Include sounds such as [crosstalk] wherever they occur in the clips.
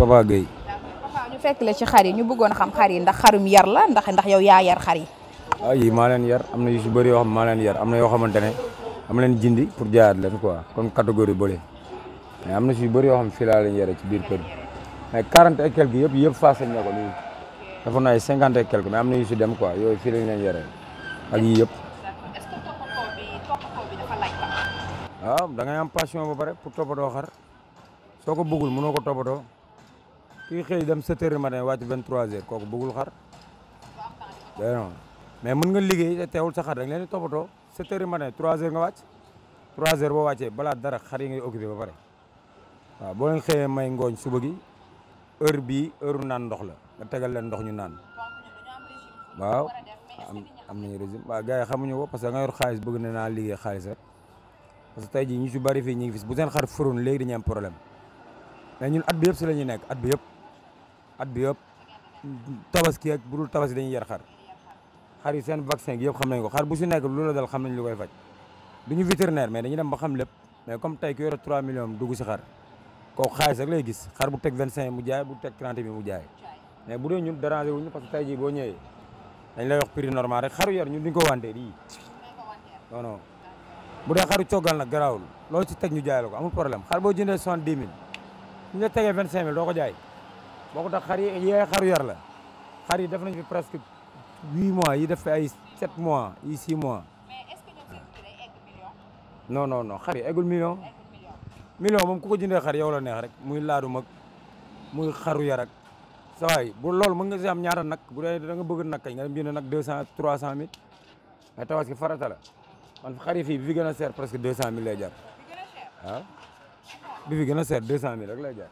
Papa Gueye papa ñu fekk la ci xar yi ñu bëggoon xam xar yi ndax xarum yar la ndax ndax yow yaa yar xar yi ah yi maa leen yar am yu si bëri yoo xam maa leen yar am na yoo am leen jindi pour jaayaat leen quoi comme catégorie bële mais am na si yu xam fii laa leen yare ci biir kër mais quarante et quelque yëpp yëpp faas nañ ko dafa na ay et quelque mais am yu si dem quoi yooyu fii lañ leen yare ak yii yëpp waaw ah, da ngay am passion ba pare pour toppatoo xar soo bëggul mënoo ko toppatoo kii xëy dem 7 heures matin wàcc 23 heures kooku bëggul xar non mais mën nga liggéey te teewul sa xar da nga leen di toppatoo 7 heures matin 3 heures nga wàcc 3 boo wàccee balaa dara xar yi ngay occupé ba pare boo leen xëyee may ngooñ suba gi heure bii heure naan ndox la nga tegal leen ndox ñu naan waaw am nañu régime waaw gars yi xamuñu ko parce que nga yor xaalis bëgg na naa liggéey xaalis rek parce que jii ñu ci bari fii ñu ngi fi bu seen xar furoon léegi dañuy am problème mais ñun at bi la ñuy nekk at bi yëpp at bi yëpp tabaski ak bu dul tabaski dañuy yar xar xar yi seen vaccin gi xam nañ ko xar bu si nekk lu la dal xam nañ lu koy faj du ñu vétérinaire mais dañu dem ba xam lépp mais comme tey ku yore 3 millions si xar kooku xaalis rek lay gis xar bu teg 25 mu jaay bu teg 30 bi mu jaay mais bu dee ñun déranger wuñu parce que tey jii boo ñëwee dañ lay wax prix normal rek xaru yar ñun duñ ko wanteer yii non non bu dee xaru coggal nag garaawul loolu ci teg ñu jaay la ko amul xar boo jëndee soixante-dix mille ñu la tegee vingt-cinq mille boko tax xari ye xaru yar la xari def nañ fi presque 8 mois yi def fi ay 7 mois yi 6 mois. mais est-ce que ñoom seen egg million. non non non xar yi eggul million. million mom kuko jinde xari yow la neex rek muy laadu mag muy xaru yar ak sa bu loolu mo nga ci am ñaara nak bu day da nga bëgg nak nga bind nak 200 300 mit ay ki farata la man bi gëna ser presque lay bi fi rek lay jaar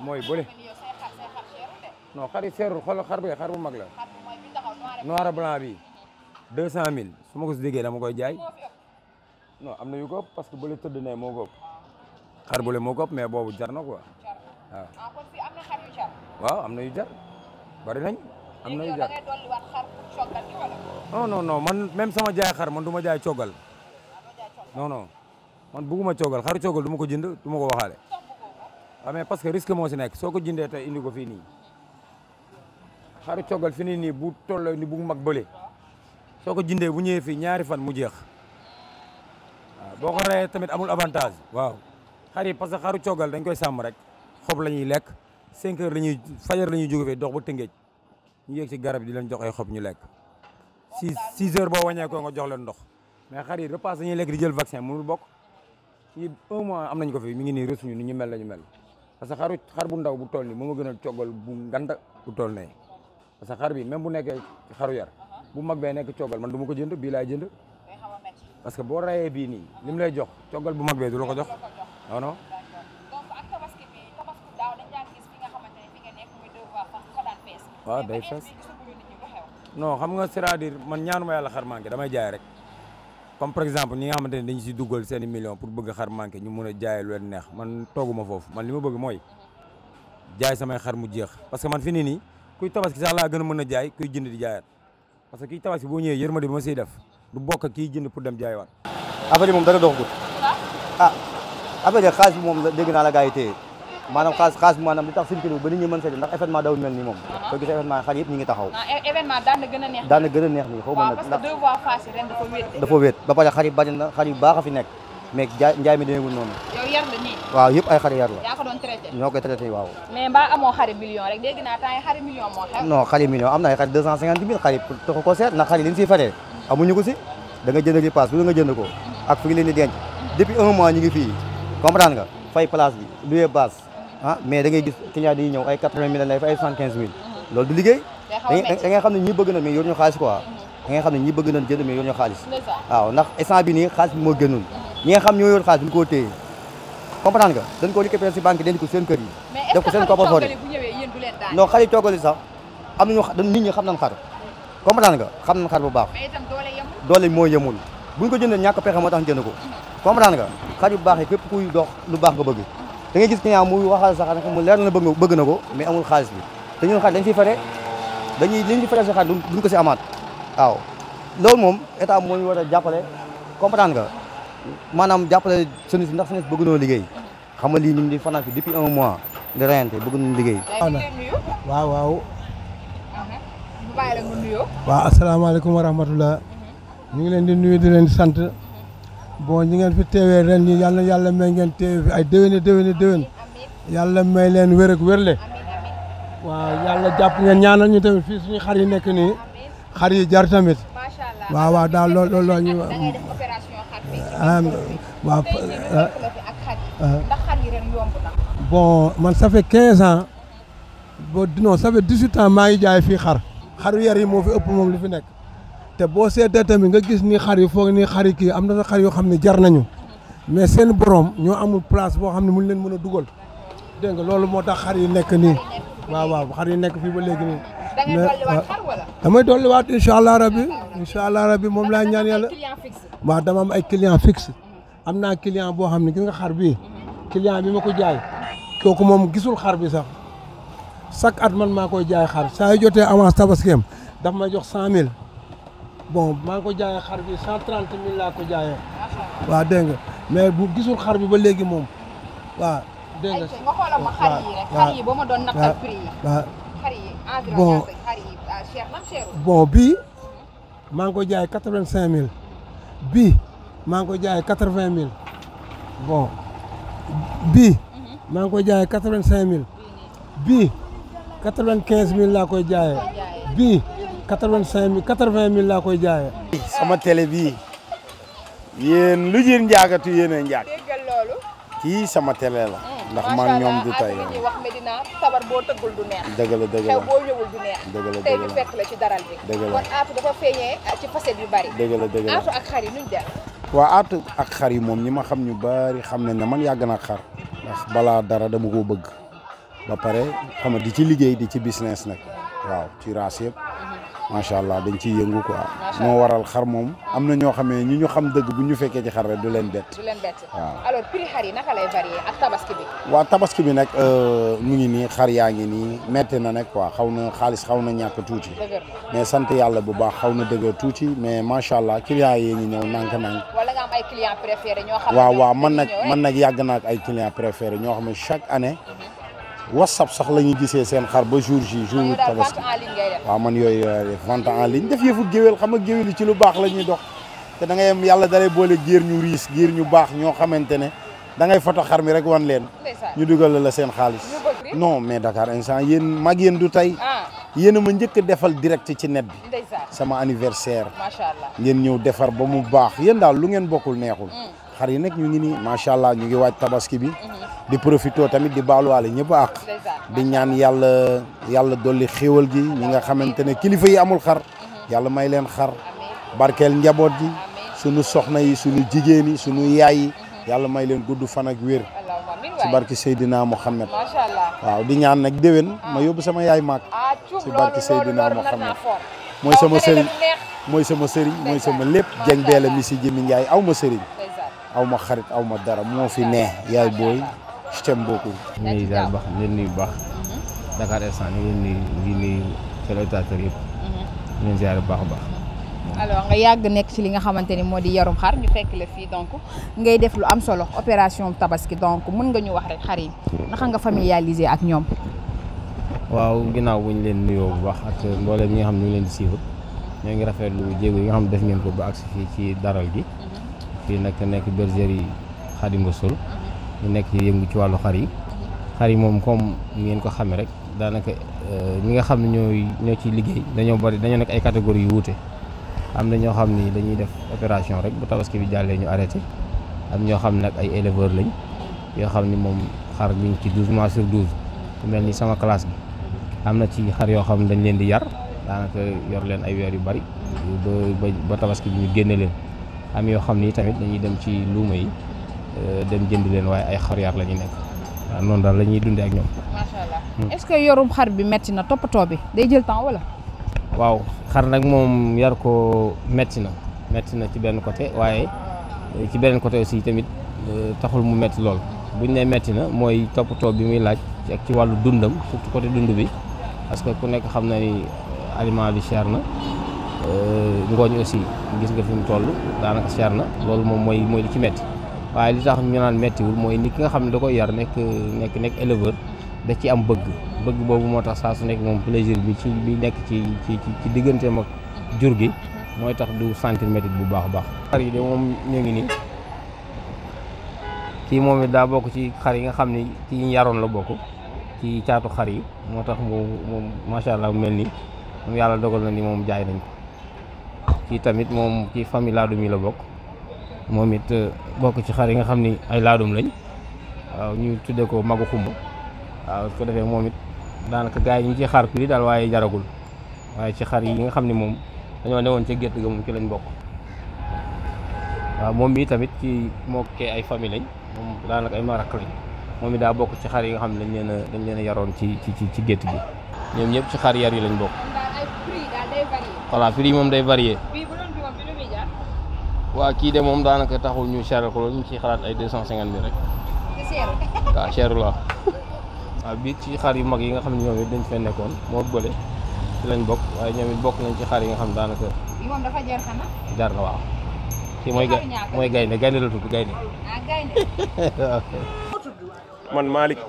moy non xar yi seerul xool xar bu mag la noir blanc bi deux cent mille su ma ko si déggee dama koy jaay non am na yu ko parce que bële tëdd ne moo ko xar bële moo ko mais boobu jar na ah, ko waaw. am na yu jar bari nañ. am na yu jar non non non man même sama jaay xar man duma ma jaay coggal non non man bugguma coggal xaru coggal du ma ko jënd du ma ko waxaale waaw ah, mais parce que risque moo si nekk soo ko jindee te indi ko fii nii. xaru coggal fini ni bu tolloo ni bu mag bële soko ko bu ñëwee fi ñaari fan mu jeex boko boo tamit amul avantage waaw xari parce que xaru coggal dañ koy sam rek xop lañuy lek 5 cinq heures la fajar lañuy ñuy fi dox bu tengej ñu yéeg ci garab di leen jox ay xob ñu lek 6 six bo wañé ko nga jox leen ndox mais xari yi repas dañuy lek di jël vaccin mënul bok ci 1 mois am nañ ko fi mi ngi ni resuñu ñu ñu mel lañu mel parce que xaru xar bu ndaw bu toll ni mo ma gënal coggal bu nganda bu toll ne parce que xar bi même bu nekkee xaru yar bu mag bee nekk coggal man du ma ko jënd bii laay jënd parce que boo rayee bii nii lim mu lay jox coggal bu mag bee du la ko jox non non ah, day fees non xam nga c'est-à-dire man ñaanuma yàlla xar manqué damay jaay rek comme par exemple ñi nga xamante ne dañu si duggal seen million pour bëgg xar manqué ñu mun a jaay lu leen neex man tooguma foofu man li ma bëgg mooy jaay samay xar mu jeex parce que man fi nii nii kuy tabaski sax laa gën a mën a jaay kuy jënd di jaayaat parce que kiy tabaski boo ñëwee yërmande bi ma siy def du bokk ak kiy jënd pour dem jaayiwaat. affaire yi moom dara doxagul. Ah. ah affaire yi xaalis bi moom dégg naa la gars yi téye maanaam xaalis xaalis bi maanaam li tax circulé ba nit ñi mën seeti ndax événement dawul mel nii moom ah. soo gisee événement xar yëpp ñi ngi taxaw ah, événement gën a neex daan na gën a neex nii xaw ma nag parce que deux fois face ren dafa ba pare xar yi bari na xar yu baax a fi nekk mais jaay njaay mi demeewul noonu. yow yar la nii. waaw yëpp ay xar yar la. yaa ko doon traité. ñoo koy traité waaw. mais mbaa amoo xari million rek dégg naa temps yi xari million moo xew. non xari million am na ay xari deux cent cinquante mille xari taxu ko seet ndax xari li ñu siy faree amuñu ko si da nga jënd li paas lu nga jënd ko ak fi ngi leen di denc depuis un mois ñu ngi fii comprendre nga fay place bi loué base ah mais da ngay gis client yi ñëw ay quatre-vingt mille lay fay ay cent quinze mille loolu du liggéey da ngay xam ne ñi bëgg na mais yor ñu xaalis quoi mhm. da ngay xam ne ñi bëgg nañ jënd mais yor ñu xaalis waaw ndax instant bi nii xaalis bi moo gënul mhm. ñi nga xam ñoo yor xaalis duñ koo téye comprendre nga dañ koo récupérer ci banque ko seen kër yi. def ko seen coffre-fort non xar yi toggali sax am na dañ ni ñi xam nañ xar comprendre nga xam nañ xar bu baax doole moo yemul buñ ko jëndee ñàkk pexe moo tax jënd ko comprendre nga xar yu baax yi képp kuy dox lu baax nga bëgg da ngay gis client muy waxal sax mu leer na bëgg na ko mais amul xaalis bi te ñun xar dañ fi fere dañuy liñ fi fere si xar duñ ko si amaat waaw loolu moom état moo ñu war a maanaam jàppale jeunesse bi ndax bëgg noo liggéey xam a lii ñun di fanaan fi depuis mois di reyante bëgg nañu liggéey. waaw waaw. Uh-huh. waaw asalaamaaleykum wa rahmatulah. Uh-huh. ñu ngi leen di nuyu di leen di sant uh-huh. boo ñi ngeen fi teewee ren yi yàlla yàlla may ngeen teewee fi ay déwéni déwéni déwén yàlla may leen wér ak wérle waaw yàlla jàpp ngeen ñaanal ñu tamit fii suñu xar yi nekk nii xar yi jar tamit waaw waaw lool lool lool ah bon man ça fait 15 ans ba non ça fait 18 maa ngi jaay fii xar xaru yar yi moo fi ëpp moom li fi nekk te boo seetee tamit nga gis ni xar yi foog ni xar yi kii am na sa yoo xam ne jar nañu mais seen borom ñoo amul place boo xam ne mu leen mën a dugal dégg nga loolu moo tax xar yi nekk nii waaw waaw xar yi nekk fii ba léegi nii. da ngay dolliwaat ah, xar wala. damay dolliwaat allah rabi incha allah rabi moom laa ñaan yàlla. waa dama am ay client fixe am naa client boo xam ne gis nga xar bii. client bi ma ko jaay. kooku moom gisul xar bi sax chaque at man maa koy jaay xar saa yu jotee avance tabaskeem daf may jox cent mille bon maa ngi ko jaayee xar bi cent trente mille laa ko jaayee. waa dégg nga mais bu gisul xar bi ba léegi moom waaw. dégg nga bon ah, bon bii maa ngi ko jaay quatre vingt cinq mille bii maa ngi ko jaay quatre vingt mille bon bii mhm. maa ngi ko jaay quatre vingt cinq mille bii quatre vingt quinze mille laa koy jaayee bii quatre vingt cinq mille quatre vingt mille laa koy jaayee. sama télé bii yéen lu jël njaagatu yéen a njaag kii sama télé la. ndax man ñoom du tay ñuy wax Medina sabar boo tëggul du neex dëgg la boo ñëwul du neex dëgg la fekk la ci daral bi kon aatu dafa feeñee ci facette yu bari dëgg la aatu ak xar yi nuñ def waaw aatu ak xar yi moom ñi ma xam ñu bari xam ne ne man yàgg naa xar balaa dara dama koo bëgg ba pare xam di ci liggéey di ci business nag waaw ci race macha allah dañ ciy yëngu quoi. moo waral xar moom am na ñoo xamee ñi ñu xam dëgg bu ñu fekkee ci xar rek du leen bett. du leen bett waaw alors prix xar yi bi. waaw tabaski euh, mu ngi nii xar yaa ngi nii metti na nag quoi xaw na xaalis xaw na ñàkk tuuti. mais sant yàlla bu baax xaw na dëgg tuuti mais macha allah client yi ñu ñëw nànk-nànk. ay clients préférés ñoo xam. waaw waaw man nag man nag yàgg naa ak ay a préférés ñoo xam ne chaque année. Mhm. whatsapp sax lañu gisé gisee seen xar ba jour ji jour wu wa man yoy def euh, vente en ligne def yëfu géwél xam nga géwél ci lu bax lañuy dox té da ngay am yalla dalay boole géer ñu ris géer ñu bax ño xamantene da ngay foto xar mi rek wan len ñu duggal la seen xaalis non mais Dakar instant yeen mag yeen du tay ah. yéen ma ñëk defal direct ci net bi sama anniversaire ngeen ñew defar ba mu bax yeen dal lu ngeen bokul neexul mm. xar yi nak ñu ngi ni machallah allah ñu ngi waaj tabaski bi mm-hmm di profito tamit di baaluwaale ñepp ak di ñaan yalla yalla doli xewal gi ñi nga xamantene kilifa yi amul xar yalla may leen xar barkel njabot gi sunu soxna yi sunu jigéen yi sunu yaay yi yalla may leen guddu fan ak wër ci barki Seydina Mohamed waaw di ñaan nak dewen ma yobu sama yaay mak ci barki sayidina muhammad moy sama sëriñ moy sama sëriñ moy sama lepp jeng beela mi awma xarit awma dara mo fi ne yaay boy je t'aime beaucoup. ñu ngi daal baax ñu leen nuyu bu baax. Mm-hmm. Dakar instant ñu ngi nuyu ñu nuyu téléspectateurs yëpp. ñu mm-hmm. leen bu baax a baax. alors nga yàgg nekk ci li nga xamante ni moo di yarum xar ñu fekk la fii donc ngay def lu am solo opération tabaski donc mën nga ñu wax rek xar yi naka nga familiariser ak ñoom. waaw ginnaaw bu ñu leen nuyoo bu baax ak mbooleem ñi nga xam ne ñu leen di siiw ñoo ngi rafetlu jéego yi nga xam ne def ngeen ko ba agsi fii ci daral gi mm-hmm. fii nag nekk bergerie nga Rassoul ñu nekk ci yëngu ci wàllu xar yi xar yi moom comme ngeen ko xamee rek daanaka euh, ñi nga xam ne ñooy ñoo ciy liggéey dañoo bari dañoo nekk ay catégories yu wute am na ñoo xam ni dañuy def opération rek bu tabaski bi jàllee ñu arrêté am ñoo xam ne nag ay éleveurs lañ yoo xam ni moom xar ñu ci 12 mois sur mel ni sama classe bi am na ci xar yoo xam ne dañ leen di yar daanaka yor leen ay weer yu bari ba ba tabaski bi ñu génne leen am yoo xam ni tamit dañuy dem ci luuma yi. Euh, dem jënd leen waaye ay xar yar la ñuy nekk waaw noonu daal la ñuy dundee ak ñoom. macha allah hmm. est que yorum xar bi metti na toppatoo bi day jël temps wala. waaw xar nag moom yar ko metti na metti na ci benn côté waaye ci beneen côté aussi tamit euh, taxul mu metti lool buñ ne metti na mooy toppatoo bi muy laaj ak ci wàllu dundam surtout côté dund bi parce que ku nekk xam na ni euh, aliment bi cher na. ngooñ aussi gis nga fi mu toll daanaka cher na loolu moom mooy mooy li ci metti waaye li tax ñu naan méttiwul mooy ni ki nga xam ne da koy yar nekk nekk nekk éleveur da ci am bëgg bëgg boobu moo tax saa su nekk moom plaisir bi ci bi nekk ci ci ci digganteem ak jur gi mooy tax du sentir métit bu baax a baax. xar yi de moom ñu ngi nii kii moom daa bokk ci xar yi nga xam ni ci yaroon la bokk ci caatu xar yi moo tax mu moom macha allah mel ni moom yàlla dogal na ni moom jaay nañ ko kii tamit moom ci famille Ladoum yi la bokk. moom it euh, bokk ci xar yi nga xam ni ay laadum lañ waaw ñu tuddee ko mag xumba waaw su ko defee moom it daanaka gars yi ñu ci xaar daal waaye jaragul waaye ci xar yi nga xam ne moom dañoo newoon ci gétt ga moom ci lañ bokk waaw moom bi tamit ci mokkee ay famille lañ moom daanaka ay marak lañ moom it daa bokk ci xar yi nga xam ne dañ leen dañ leen yaroon ci ci ci gétt gi ñoom ñëpp ci xar yar yi lañ bokk voilà prix moom day varié waa kii de moom daanaka taxul ñu cher ko loolu ñu ciy xalaat ay deux cent cinquante mille rek. [laughs] waaw cher la waaw ci xar yu mag yi nga xam ne ñoom it dañ fee nekkoon moo bële ci lañ bokk waaye ñoom it bokk nañ ci xar yi nga xam daanaka. yi jar xanaa. jar na waaw. kii mooy gaynde gaynde la tudd gaynde. Ah, [laughs] man Malick. [laughs]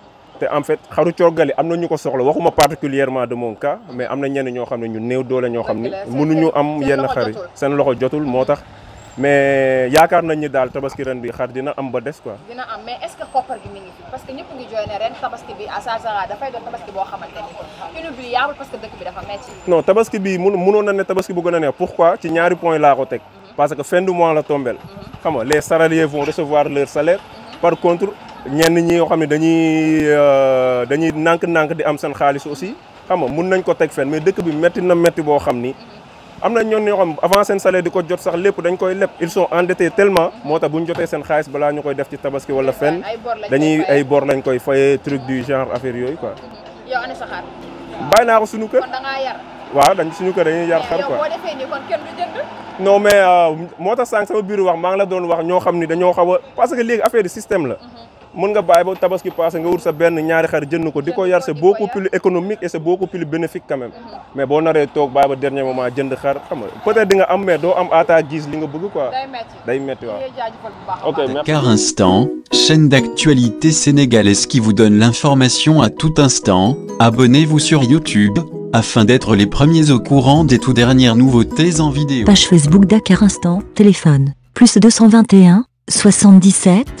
en fait xaru gens particulièrement de mon cas mais amna ñen ño ñoo ne ñu doole am yenn xar yi loxo jotul motax mais yaakar nañ ni dal tabaski ren bi am ba quoi. dina am mais est-ce que gi ngi parce que ñepp ngi jooy ne ren tabaski bi à da fay do tabaski parce que dëkk bi dafa metti. non tabaski bi na ne tabaski bu gëna pourquoi ci ñaari point la mhm. parce que fin du mois la tombel mhm. xam les salariés vont recevoir leur salaire mhm. par contre. ñenn ñi yoo xam ne dañuy euh, dañuy nànk-nànk di am seen xaalis aussi xam nga mun nañ ko teg fen mais dëkk bi metti na metti boo xam ni am na ñoon ñoo xam avant seen salaire di ko jot sax lépp dañ koy leb ils sont endettés tellement moo tax bu jotee seen xaalis balaa koy def ci tabaski wala fenn dañuy ay bor lañ koy fayee truc du genre affaire yooyu quoi. yow ana xar. ko suñu kër. waaw dañ suñu kër dañuy yar xar quoi mais mais euh, moo ta sànq sama biiru wax maa ngi la doon wax ñoo xam ni dañoo xaw a parce que léegi affaire de système la. Mm-hmm. mën plus économique et c'est beaucoup plus bénéfique quand même Instant chaîne d'actualité sénégalaise qui vous donne l'information à tout instant abonnez-vous sur YouTube afin d'être les premiers au courant des tout dernières nouveautés en vidéo page Facebook Dakar Instant téléphone plus 221 77